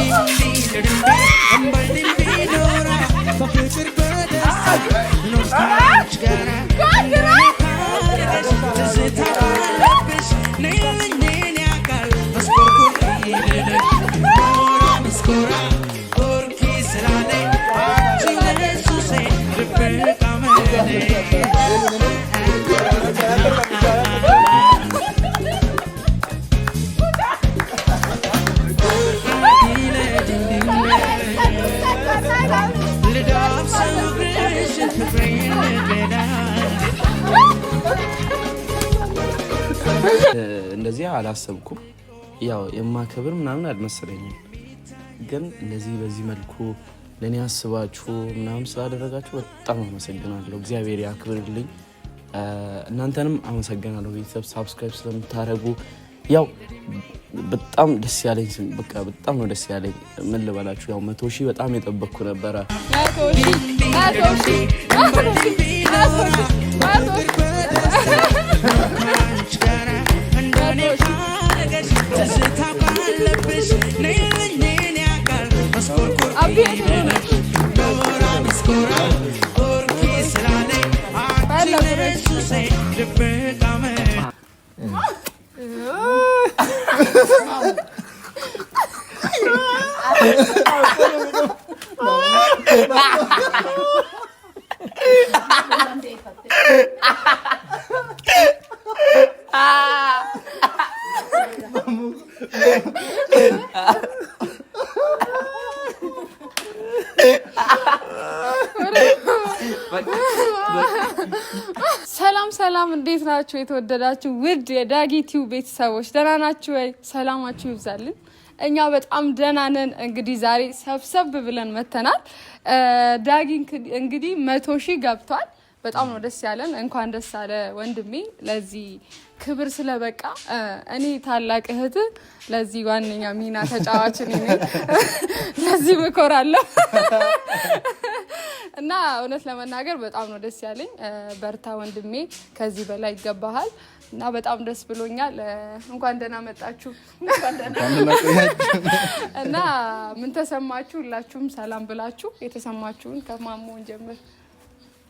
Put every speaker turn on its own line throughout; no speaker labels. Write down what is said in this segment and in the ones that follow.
Thank you. እንደዚህ አላሰብኩም። ያው የማከብር ምናምን አልመሰለኝም፣ ግን እንደዚህ በዚህ መልኩ ለእኔ አስባችሁ ምናምን ስላደረጋችሁ በጣም አመሰግናለሁ። እግዚአብሔር ያክብርልኝ። እናንተንም አመሰግናለሁ ቤተሰብ ሳብስክራይብ ስለምታደርጉ ያው በጣም ደስ ያለኝ በቃ በጣም ነው ደስ ያለኝ። ምን ልበላችሁ ያው መቶ ሺህ በጣም የጠበቅኩ ነበረ። ጋራ እንደኔ አረገሽ ደስታ ባለብሽ ነይልኝን ያቃል መስኮርኮር ይበላል ዶራ ሚስኮራ ኦርኪ ስላለኝ አንቺ ነሽ ሱሴ ድብቅ አመ
ናችሁ የተወደዳችሁ ውድ የዳጊቲው ቤተሰቦች ደህና ናችሁ ወይ? ሰላማችሁ ይብዛልን። እኛ በጣም ደህና ነን። እንግዲህ ዛሬ ሰብሰብ ብለን መተናል። ዳጊ እንግዲህ መቶ ሺህ ገብቷል። በጣም ነው ደስ ያለን። እንኳን ደስ አለ ወንድሜ ለዚህ ክብር ስለበቃ እኔ ታላቅ እህት ለዚህ ዋነኛ ሚና ተጫዋች ነኝ። ለዚህ ምኮራለሁ እና እውነት ለመናገር በጣም ነው ደስ ያለኝ። በርታ ወንድሜ፣ ከዚህ በላይ ይገባሃል እና በጣም ደስ ብሎኛል። እንኳን ደህና መጣችሁ እና ምን ተሰማችሁ? ሁላችሁም ሰላም ብላችሁ የተሰማችሁን ከማሞን ጀምር።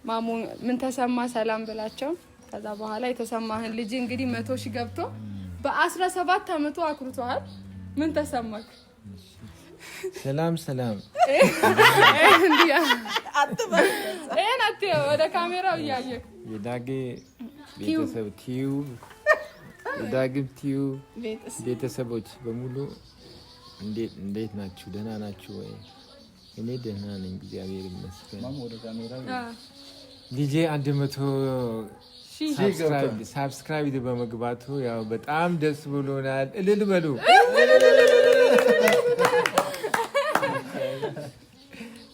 ማሞ ምን ተሰማ? ሰላም ብላቸው ከዛ በኋላ የተሰማህን ልጅ እንግዲህ መቶ ሺህ ገብቶ በአስራ ሰባት አመቱ አኩርቷል። ምን ተሰማክ?
ሰላም ሰላም፣
ወደ ካሜራው እያየህ
የዳጌ ቤተሰብ ቲዩብ የዳግም ቲዩብ ቤተሰቦች በሙሉ እንዴት ናችሁ? ደህና ናችሁ ወይ? እኔ ደህና ነኝ፣ እግዚአብሔር ይመስገን። ልጄ አንድ መቶ ሳብስክራይብ በመግባቱ ያው በጣም ደስ ብሎናል። እልል በሉ።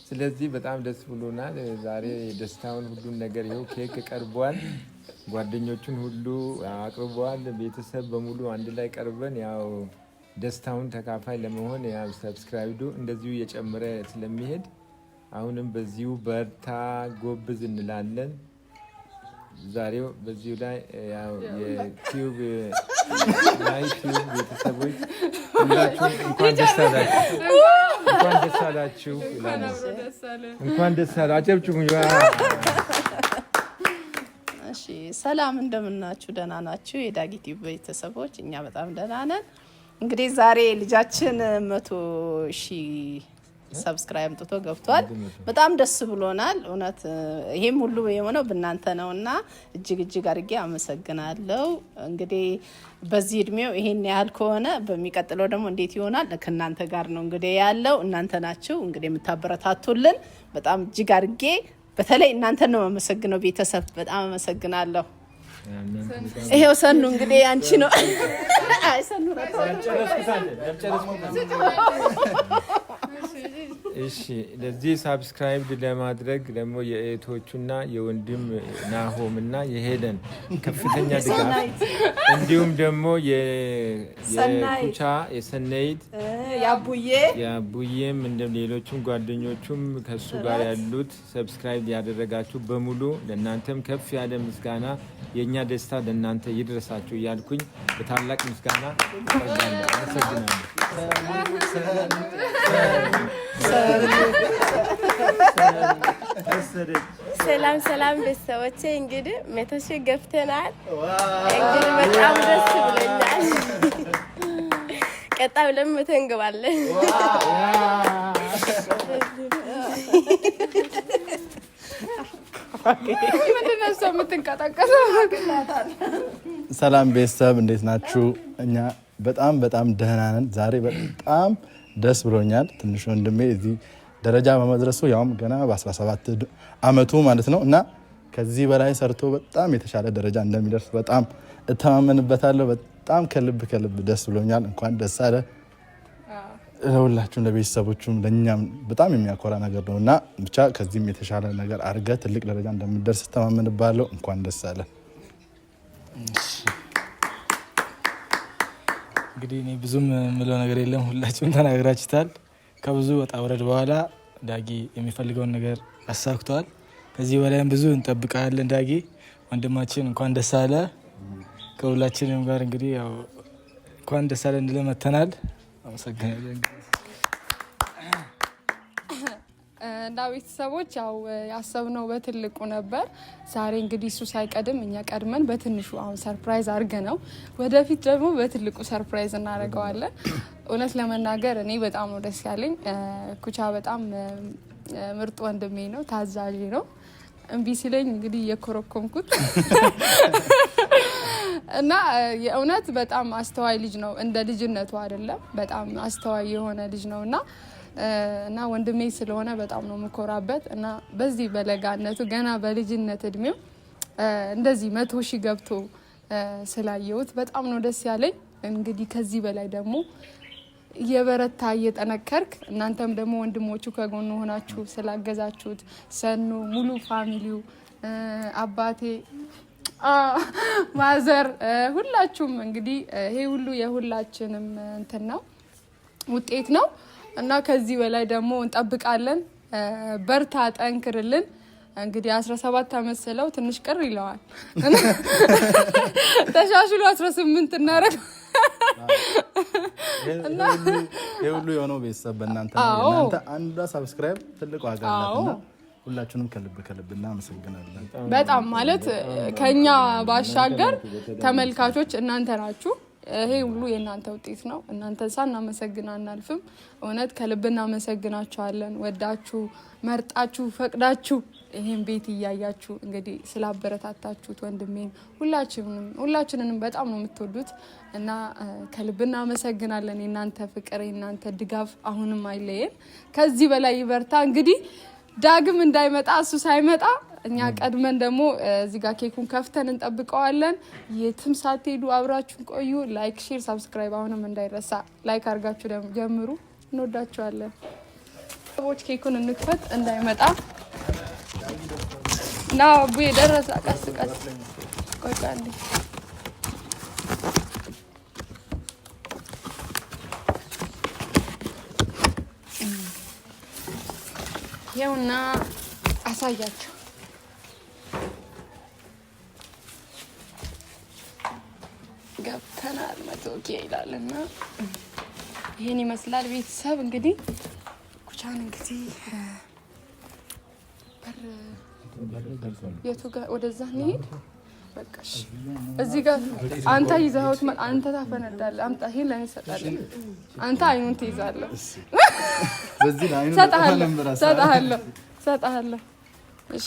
ስለዚህ በጣም ደስ ብሎናል። ዛሬ ደስታውን ሁሉን ነገር ይኸው ኬክ ቀርቧል። ጓደኞቹን ሁሉ አቅርበዋል። ቤተሰብ በሙሉ አንድ ላይ ቀርበን ያው ደስታውን ተካፋይ ለመሆን ያው ሰብስክራይዱ እንደዚሁ እየጨመረ ስለሚሄድ አሁንም በዚሁ በርታ ጎብዝ እንላለን። ዛሬው በዚሁ ላይ የቲዩብ ላይ ቲዩብ ቤተሰቦች ሁላችሁም እንኳን ደስ አላችሁ፣ እንኳን ደስ አላችሁ፣ እንኳን ደስ አላችሁ። አጨብጭቡ።
እሺ፣ ሰላም እንደምናችሁ? ደህና ናችሁ? የዳጊ ቲዩብ ቤተሰቦች እኛ በጣም ደህና ነን። እንግዲህ ዛሬ ልጃችን መቶ ሺህ ሰብስክራይብ አምጥቶ ገብቷል። በጣም ደስ ብሎናል። እውነት ይህም ሁሉ የሆነው ብናንተ ነው እና እጅግ እጅግ አድርጌ አመሰግናለሁ። እንግዲህ በዚህ እድሜው ይሄን ያህል ከሆነ በሚቀጥለው ደግሞ እንዴት ይሆናል? ከእናንተ ጋር ነው እንግዲህ ያለው። እናንተ ናችሁ እንግዲህ የምታበረታቱልን። በጣም እጅግ አድርጌ በተለይ እናንተ ነው የማመሰግነው። ቤተሰብ በጣም አመሰግናለሁ። ይሄው ሰኑ እንግዲህ አንቺ ነው። አይ ሰኑ
እሺ ለዚህ ሳብስክራይብ ለማድረግ ደግሞ የእህቶቹና የወንድም ናሆም እና የሄለን ከፍተኛ ድጋፍ እንዲሁም ደግሞ የኩቻ የሰነይት የአቡዬም እንደ ሌሎችም ጓደኞቹም ከሱ ጋር ያሉት ሰብስክራይብ ያደረጋችሁ በሙሉ ለእናንተም ከፍ ያለ ምስጋና የእኛ ደስታ ለእናንተ ይድረሳችሁ እያልኩኝ በታላቅ ምስጋና አመሰግናለሁ።
ሰላም ሰላም ቤተሰቦቼ፣ እንግዲህ መቶ ሺህ ገብተናል። እንግዲህ በጣም ደስ ብሎኛል። ቀጣይ ብለን መቶ እንገባለን።
ሰላም ቤተሰብ እንዴት ናችሁ? እኛ በጣም በጣም ደህና ነን። ዛሬ በጣም ደስ ብሎኛል። ትንሽ ወንድሜ እዚህ ደረጃ በመድረሱ ያውም ገና በ17 ዓመቱ ማለት ነው እና ከዚህ በላይ ሰርቶ በጣም የተሻለ ደረጃ እንደሚደርስ በጣም እተማመንበታለሁ። በጣም ከልብ ከልብ ደስ ብሎኛል። እንኳን ደስ አለ ለሁላችሁም፣ ለቤተሰቦቹም ለእኛም በጣም የሚያኮራ ነገር ነው እና ብቻ ከዚህም የተሻለ ነገር አድርገህ ትልቅ ደረጃ እንደምደርስ እተማመንባለሁ። እንኳን ደስ አለ።
እንግዲህ እኔ ብዙም የምለው ነገር የለም። ሁላችሁም ተናግራችታል። ከብዙ ወጣ ውረድ በኋላ ዳጊ የሚፈልገውን ነገር አሳክቷል። ከዚህ በላይም ብዙ እንጠብቃለን። ዳጊ ወንድማችን እንኳን ደስ አለ። ከሁላችንም ጋር እንግዲህ ያው እንኳን ደስ አለ እንድለ መተናል።
እና ቤተሰቦች ያው ያሰብነው በትልቁ ነበር። ዛሬ እንግዲህ እሱ ሳይቀድም እኛ ቀድመን በትንሹ አሁን ሰርፕራይዝ አድርገ ነው። ወደፊት ደግሞ በትልቁ ሰርፕራይዝ እናደርገዋለን። እውነት ለመናገር እኔ በጣም ነው ደስ ያለኝ። ኩቻ በጣም ምርጥ ወንድሜ ነው፣ ታዛዥ ነው። እምቢ ሲለኝ እንግዲህ እየኮረኮምኩት እና የእውነት በጣም አስተዋይ ልጅ ነው። እንደ ልጅነቱ አይደለም፣ በጣም አስተዋይ የሆነ ልጅ ነው እና እና ወንድሜ ስለሆነ በጣም ነው የምኮራበት እና በዚህ በለጋነቱ ገና በልጅነት እድሜው እንደዚህ መቶ ሺህ ገብቶ ስላየሁት በጣም ነው ደስ ያለኝ። እንግዲህ ከዚህ በላይ ደግሞ እየበረታ እየጠነከርክ እናንተም ደግሞ ወንድሞቹ ከጎኑ ሆናችሁ ስላገዛችሁት ሰኑ ሙሉ ፋሚሊው አባቴ ማዘር ሁላችሁም እንግዲህ ይሄ ሁሉ የሁላችንም እንትን ነው ውጤት ነው። እና ከዚህ በላይ ደግሞ እንጠብቃለን። በርታ፣ ጠንክርልን። እንግዲህ 17 ዓመት ስለው ትንሽ ቅር ይለዋል። ተሻሽሎ 18 እናረግ
የሁሉ የሆነው ቤተሰብ በእናንተ እናንተ አንዷ ሰብስክራይብ ትልቅ ዋጋ አላትና ከልብ ከልብ እናመሰግናለን።
በጣም ማለት ከኛ ባሻገር ተመልካቾች እናንተ ናችሁ። ይሄ ሁሉ የእናንተ ውጤት ነው። ሳ ሳናመሰግን አናልፍም። እውነት ከልብ እናመሰግናችኋለን። ወዳችሁ መርጣችሁ ፈቅዳችሁ ይህን ቤት እያያችሁ እንግዲህ ስላበረታታችሁት ወንድሜን ሁላችንንም በጣም ነው የምትወዱት እና ከልብ እናመሰግናለን። የእናንተ ፍቅር፣ የእናንተ ድጋፍ አሁንም አይለየን። ከዚህ በላይ ይበርታ። እንግዲህ ዳግም እንዳይመጣ እሱ ሳይመጣ እኛ ቀድመን ደግሞ እዚህ ጋር ኬኩን ከፍተን እንጠብቀዋለን። የትም ሳትሄዱ አብራችሁን ቆዩ። ላይክ፣ ሼር፣ ሳብስክራይብ አሁንም እንዳይረሳ። ላይክ አድርጋችሁ ደግሞ ጀምሩ። እንወዳችኋለን። ሰዎች ኬኩን እንክፈት እንዳይመጣ እና አቡ የደረሰ ቀስ ቀስ ቆይ ይኸውና አሳያቸው። ይላል መቶኪያ ይላል እና ይህን ይመስላል ቤተሰብ እንግዲህ ኩቻን እንግዲህ የቱ ጋር ወደዛ እንሄድ በቃሽ እዚህ ጋር አንተ ይዘኸውት አንተ ታፈነዳለህ። አምጣ ይሄን ለእኔ እሰጣለሁ። አንተ አይኑን ትይዛለህ። እሰጥሀለሁ እሰጥሀለሁ እሺ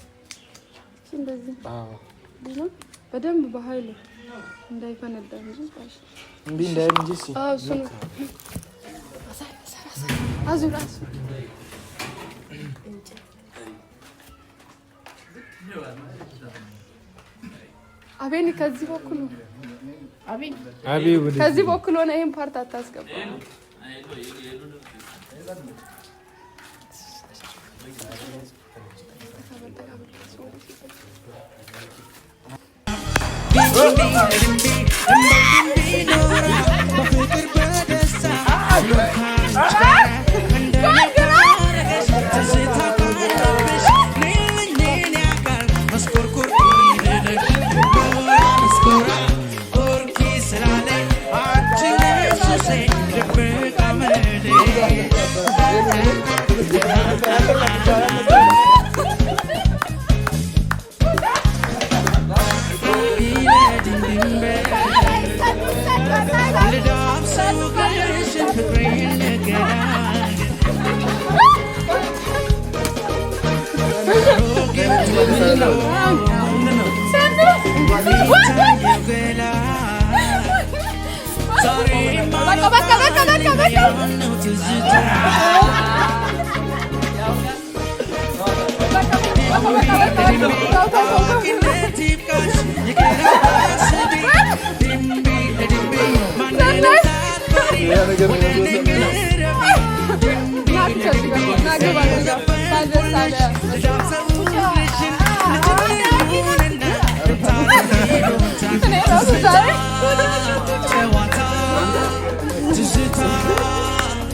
እንደዚህ በደንብ በኃይል እንዳይፈነዳ እንጂ
እንቢ እንዳይል እንጂ እሱ ነው። አዙር አዙር
አቤን ከዚህ በኩል ከዚህ በኩል ሆነ። ይህን ፓርት አታስገባ። Ay! Ay!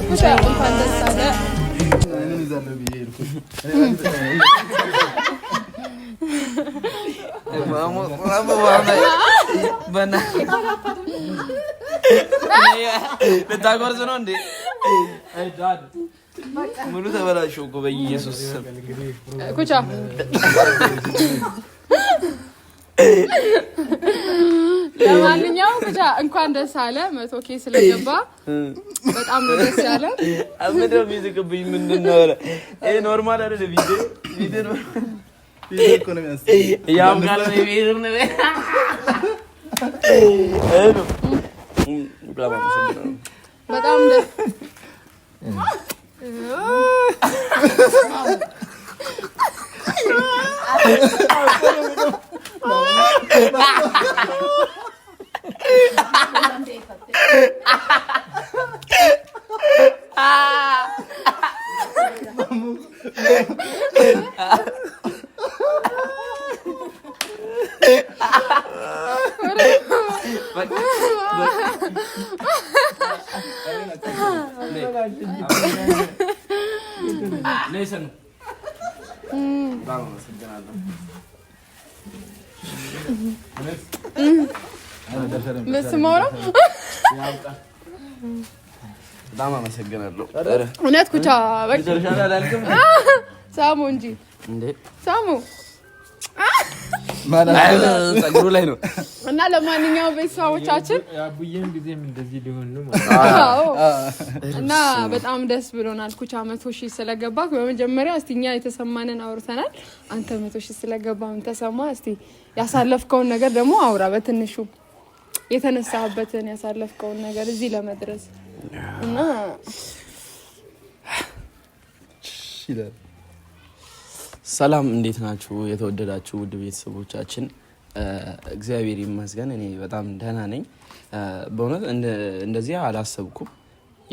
Bu da fantastik. Aynen üzerine bir yerim. vamos, vamos, vamos aí.
ነው እንዴ? ምኑ ተበላሸው እኮ በኢየሱስ ስም
ኩቻ ለማንኛውም ብቻ እንኳን ደስ አለ። መቶ ኬ ስለገባ በጣም ነው ደስ ያለ።
አምደ ሚዝቅብኝ ምንድን ይሄ ኖርማል አይደለ? ቪዲዮ ቪዲዮ Y va a mi vida una vez. Eh, በጣም አመሰግናለሁ።
እውነት ኩቻ በቃ ሳሙ እንጂ ሳሙ ጸጉሩ ላይ ነው እና ለማንኛውም ቤተሰቦቻችን እና በጣም ደስ ብሎናል። ኩቻ መቶ ሺህ ስለገባ በመጀመሪያ እስቲ እኛ የተሰማንን አውርተናል። አንተ መቶ ሺህ ስለገባ ምን ተሰማ? እስቲ ያሳለፍከውን ነገር ደግሞ አውራ በትንሹ የተነሳበትን ያሳለፍከውን ነገር እዚህ ለመድረስ እና
ሰላም እንዴት ናችሁ? የተወደዳችሁ ውድ ቤተሰቦቻችን፣ እግዚአብሔር ይመስገን እኔ በጣም ደህና ነኝ። በእውነት እንደዚህ አላሰብኩም።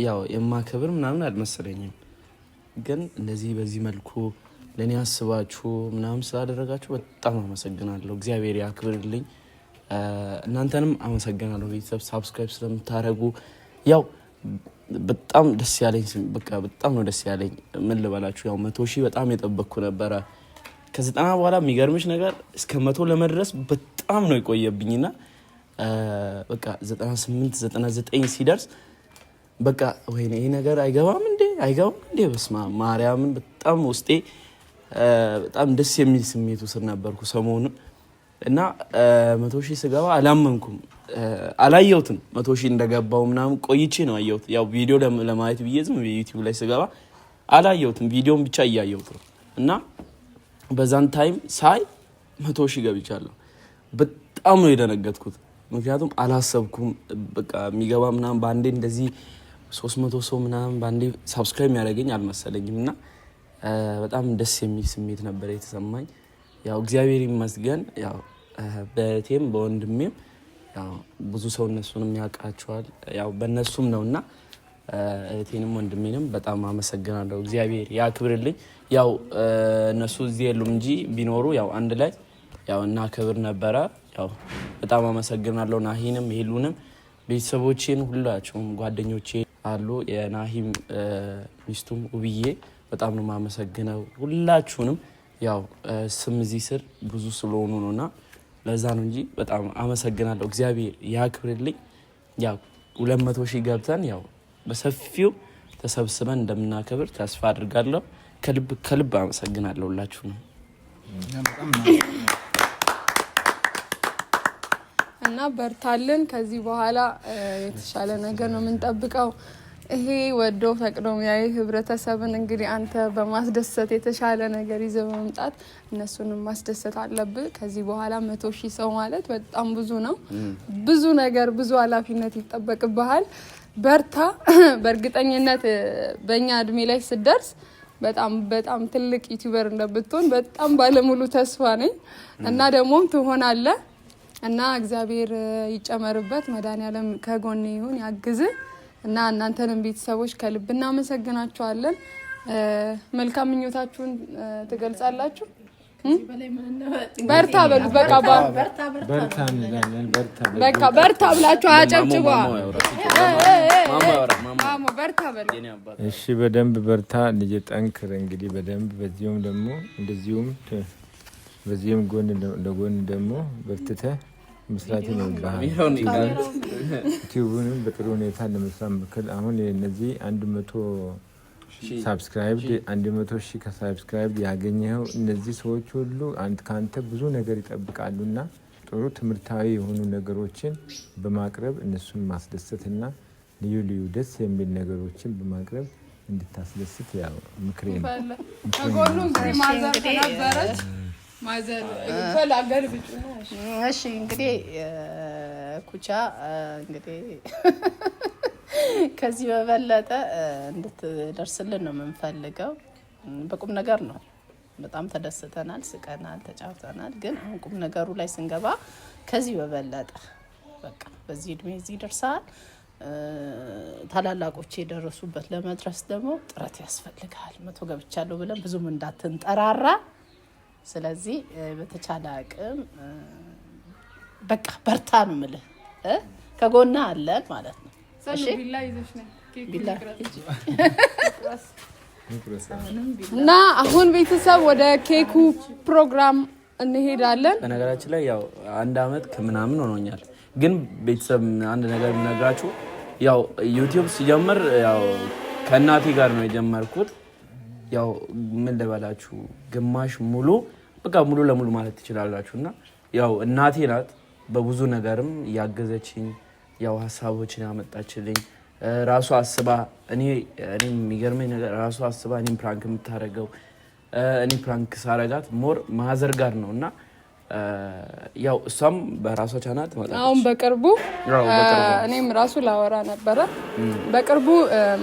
ያው የማከብር ምናምን አልመሰለኝም፣ ግን እንደዚህ በዚህ መልኩ ለእኔ አስባችሁ ምናምን ስላደረጋችሁ በጣም አመሰግናለሁ። እግዚአብሔር ያክብርልኝ። እናንተንም አመሰግናለሁ ቤተሰብ ሳብስክራይብ ስለምታደርጉ ያው በጣም ደስ ያለኝ በቃ በጣም ነው ደስ ያለኝ። ምን ልበላችሁ ያው መቶ ሺህ በጣም የጠበቅኩ ነበረ። ከዘጠና በኋላ የሚገርምሽ ነገር እስከ መቶ ለመድረስ በጣም ነው የቆየብኝና በቃ ዘጠና ስምንት ዘጠና ዘጠኝ ሲደርስ በቃ ወይኔ ይሄ ነገር አይገባም እንዴ አይገባም እንዴ በስማ ማርያምን በጣም ውስጤ በጣም ደስ የሚል ስሜት ውስጥ ነበርኩ ሰሞኑን እና መቶ ሺህ ስገባ አላመንኩም፣ አላየሁትም። መቶ ሺህ እንደገባው ምናምን ቆይቼ ነው አየሁት። ያው ቪዲዮ ለማየት ብዬ ዝም ዩቲዩብ ላይ ስገባ አላየሁትም፣ ቪዲዮን ብቻ እያየሁት ነው። እና በዛን ታይም ሳይ መቶ ሺህ ገብቻለሁ። በጣም ነው የደነገጥኩት፣ ምክንያቱም አላሰብኩም። በቃ የሚገባ ምናምን በአንዴ እንደዚህ ሶስት መቶ ሰው ምናምን በአንዴ ሳብስክራይብ የሚያደርገኝ አልመሰለኝም። እና በጣም ደስ የሚል ስሜት ነበር የተሰማኝ። ያው እግዚአብሔር ይመስገን ያው በእህቴም በወንድሜም ብዙ ሰው እነሱንም ያውቃቸዋል። ያው በእነሱም ነው እና እህቴንም ወንድሜንም በጣም አመሰግናለሁ። እግዚአብሔር ያክብርልኝ። ያው እነሱ እዚህ የሉም እንጂ ቢኖሩ ያው አንድ ላይ ያው እና ክብር ነበረ። ያው በጣም አመሰግናለሁ። ናሂንም ሄሉንም፣ ቤተሰቦቼን፣ ሁላቸውም ጓደኞቼ አሉ። የናሂም ሚስቱም ውብዬ በጣም ነው የማመሰግነው። ሁላችሁንም ያው ስም እዚህ ስር ብዙ ስለሆኑ ነውና ለዛ ነው እንጂ በጣም አመሰግናለሁ። እግዚአብሔር ያክብርልኝ። ያው ሁለት መቶ ሺህ ገብተን ያው በሰፊው ተሰብስበን እንደምናከብር ተስፋ አድርጋለሁ። ከልብ ከልብ አመሰግናለሁ ሁላችሁ ነው
እና በርታልን። ከዚህ በኋላ የተሻለ ነገር ነው የምንጠብቀው። ይሄ ወዶ ፈቅዶ ያይ ህብረተሰብን እንግዲህ አንተ በማስደሰት የተሻለ ነገር ይዘ በመምጣት እነሱንም ማስደሰት አለብህ። ከዚህ በኋላ መቶ ሺህ ሰው ማለት በጣም ብዙ ነው። ብዙ ነገር ብዙ ኃላፊነት ይጠበቅብሃል። በርታ። በእርግጠኝነት በእኛ እድሜ ላይ ስደርስ በጣም በጣም ትልቅ ዩቲዩበር እንደብትሆን በጣም ባለሙሉ ተስፋ ነኝ እና ደግሞም ትሆናለህ እና እግዚአብሔር ይጨመርበት። መድኃኒዓለም ከጎን ይሁን ያግዝህ። እና እናንተንም ቤተሰቦች ከልብ እናመሰግናችኋለን። መልካም ምኞታችሁን ትገልጻላችሁ። በርታ በሉት። በቃ በቃ በርታ ብላችሁ አጨብጭቧ።
በርታ በሉ። እሺ፣ በደንብ በርታ ልጅ፣ ጠንክር። እንግዲህ በደንብ በዚሁም ደግሞ እንደዚሁም በዚህም ጎን ለጎን ደግሞ በርትተ መስራት ይኖርብሃል። ዩቲዩብንም በጥሩ ሁኔታ ለመስራት ምክል አሁን እነዚህ አንድ መቶ ሳብስክራይብ አንድ መቶ ሺህ ከሳብስክራይብ ያገኘኸው እነዚህ ሰዎች ሁሉ ከአንተ ብዙ ነገር ይጠብቃሉ ይጠብቃሉና ጥሩ ትምህርታዊ የሆኑ ነገሮችን በማቅረብ እነሱን ማስደሰት ማስደሰትና ልዩ ልዩ ደስ የሚል ነገሮችን በማቅረብ እንድታስደስት ያው ምክሬ ነው። እንግዲህ
ነበረች እሺ እንግዲህ ኩቻ እንግዲህ ከዚህ በበለጠ እንድትደርስልን ነው የምንፈልገው። በቁም ነገር ነው በጣም ተደስተናል፣ ስቀናል፣ ተጫውተናል። ግን አሁን ቁም ነገሩ ላይ ስንገባ ከዚህ በበለጠ በቃ በዚህ እድሜ እዚህ ደርሰሃል። ታላላቆች የደረሱበት ለመድረስ ደግሞ ጥረት ያስፈልጋል። መቶ ገብቻለሁ ብለን ብዙም እንዳትንጠራራ ስለዚህ በተቻለ አቅም በቃ በርታ ነው የምልህ። ከጎና አለን ማለት ነው። እና አሁን ቤተሰብ ወደ ኬኩ ፕሮግራም እንሄዳለን።
በነገራችን ላይ ያው አንድ አመት ከምናምን ሆኖኛል፣ ግን ቤተሰብ አንድ ነገር የምነግራችሁ ያው ዩቲዩብ ሲጀምር ያው ከእናቴ ጋር ነው የጀመርኩት ያው ምን ልበላችሁ ግማሽ ሙሉ በቃ ሙሉ ለሙሉ ማለት ትችላላችሁ። እና ያው እናቴ ናት በብዙ ነገርም እያገዘችኝ ያው ሀሳቦችን ያመጣችልኝ ራሱ አስባ እኔ የሚገርመኝ ነገር ራሱ አስባ እኔም ፕራንክ የምታደርገው እኔ ፕራንክ ሳረጋት ሞር ማዘር ጋር ነው እና ያው እሷም በራሷ ቻናት
አሁን በቅርቡ እኔም ራሱ ላወራ ነበረ በቅርቡ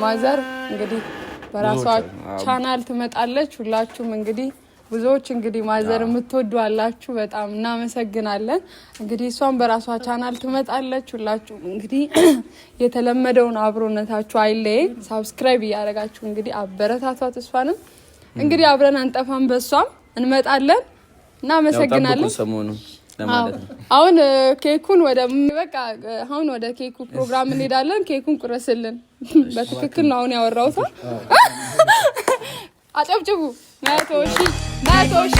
ማዘር እንግዲህ በራሷ ቻናል ትመጣለች። ሁላችሁም እንግዲህ ብዙዎች እንግዲህ ማዘር የምትወዱ አላችሁ፣ በጣም እናመሰግናለን። እንግዲህ እሷም በራሷ ቻናል ትመጣለች። ሁላችሁም እንግዲህ የተለመደውን አብሮነታችሁ አይለየ፣ ሳብስክራይብ እያደረጋችሁ እንግዲህ አበረታቷት። እሷንም እንግዲህ አብረን አንጠፋም፣ በእሷም እንመጣለን። እናመሰግናለን። ለማለት ነው። አሁን ኬኩን ወደ በቃ አሁን ወደ ኬኩ ፕሮግራም እንሄዳለን። ኬኩን ቁረስልን። በትክክል ነው አሁን ያወራሁት። አጨብጭቡ። መቶ ሺ መቶ ሺ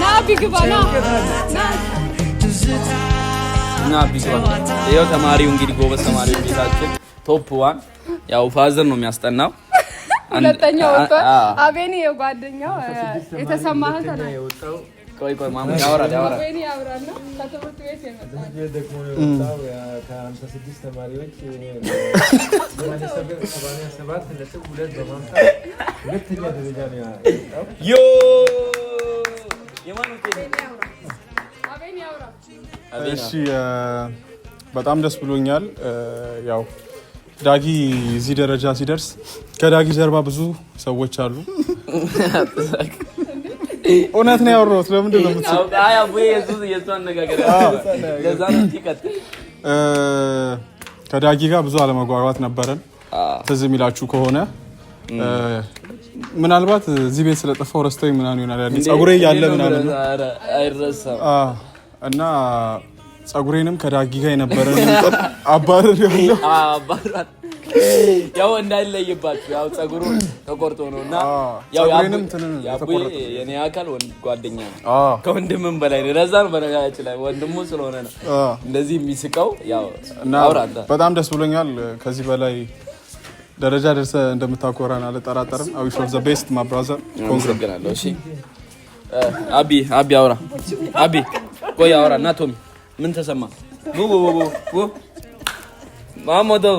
ና ቢግባ
ና ተማሪው እንግዲህ ጎበዝ ተማሪው ቤታችን ቶፕ ዋን። ያው ፋዘር ነው የሚያስጠናው።
ሁለተኛው አቤኔ የጓደኛው የተሰማህን
ቆይ ቆይ ያወራል
ያወራል። ተማሪዎች
እሺ በጣም ደስ ብሎኛል። ያው ዳጊ እዚህ ደረጃ ሲደርስ ከዳጊ ጀርባ ብዙ ሰዎች አሉ። እውነት ነው ያወራሁት። ለምንድን
ነው
ከዳጊ ጋር ብዙ አለመግባባት ነበረን። ትዝ የሚላችሁ ከሆነ ምናልባት እዚህ ቤት ስለጠፋው ረስተው ምናምን ይሆናል ያኔ ፀጉሬ እያለ ምናምን አይረሳም እና ፀጉሬንም ከዳጊ ጋር የነበረን አባረር ያለው
ያው እንዳይለይባችሁ ያው ጸጉሩ ተቆርጦ ነው እና የኔ አካል ወንድ ጓደኛ ነው ከወንድምም በላይ ነው። ለዛ ነው በነገራችን ላይ ወንድሙ ስለሆነ ነው እንደዚህ የሚስቀው። ያው
በጣም ደስ ብሎኛል። ከዚህ በላይ ደረጃ ደርሰ እንደምታኮራን አልጠራጠርም። አዊ ኦፍ ዘ ቤስት ማብራዘር ኮንግረግናለሁ። እሺ
አቢ አቢ አውራ አቢ ቆይ አውራ እና ቶሚ ምን ተሰማ? ማሞተው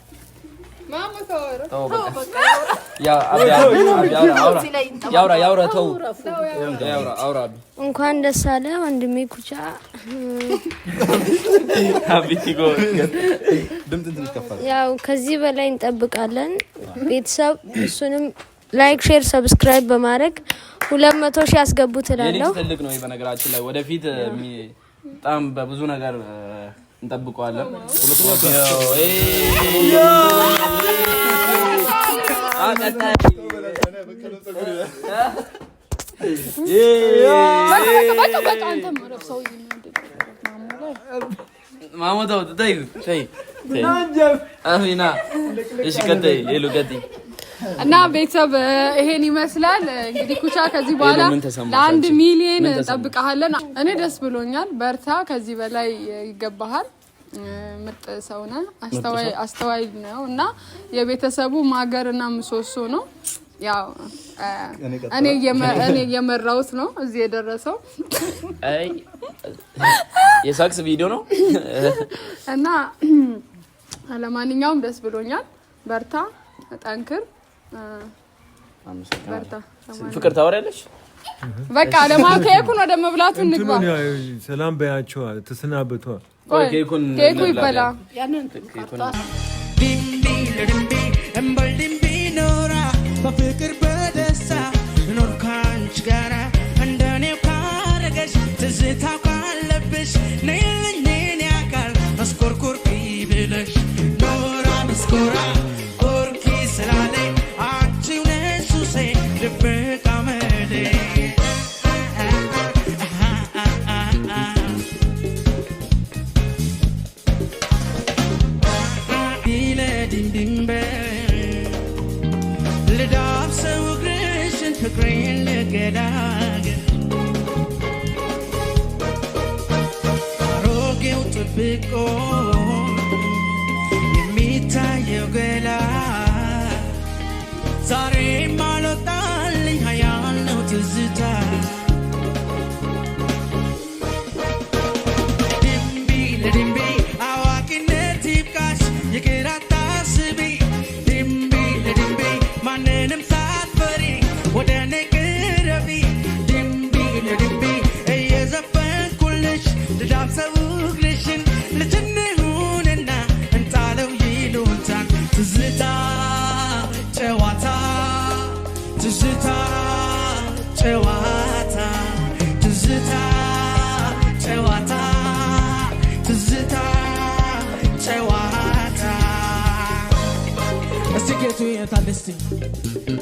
እንኳን ደስ አለ ወንድሜ ኩቻ። ያው ከዚህ በላይ እንጠብቃለን ቤተሰብ። እሱንም ላይክ፣ ሼር፣ ሰብስክራይብ በማድረግ ሁለት መቶ ሺህ
ትልቅ ነው በነገራችን ላይ ወደፊት በጣም በብዙ ነገር እንጠብቀዋለን። ማሞታው ተይ ተይ ና እንጀብ እሺ ቀጥይ ሌሉ ቀጥይ
እና ቤተሰብ ይሄን ይመስላል እንግዲህ ኩቻ። ከዚህ በኋላ ለአንድ ሚሊዮን እንጠብቀሃለን። እኔ ደስ ብሎኛል። በርታ፣ ከዚህ በላይ ይገባሃል። ምርጥ ሰው ነህ። አስተዋይ ነው እና የቤተሰቡ ማገርና ምሰሶ ነው። ያው እኔ ነው እዚህ የደረሰው።
የሳክስ ቪዲዮ ነው
እና ለማንኛውም ደስ ብሎኛል። በርታ፣ ጠንክር
ፍቅር ታወሪያለሽ።
በቃ ለማከየኩን ወደ መብላቱ እንግባ።
ሰላም በያቸዋ ተሰናበቷ።
ኬኩ
ይበላ Sorry. tenho cabecinha.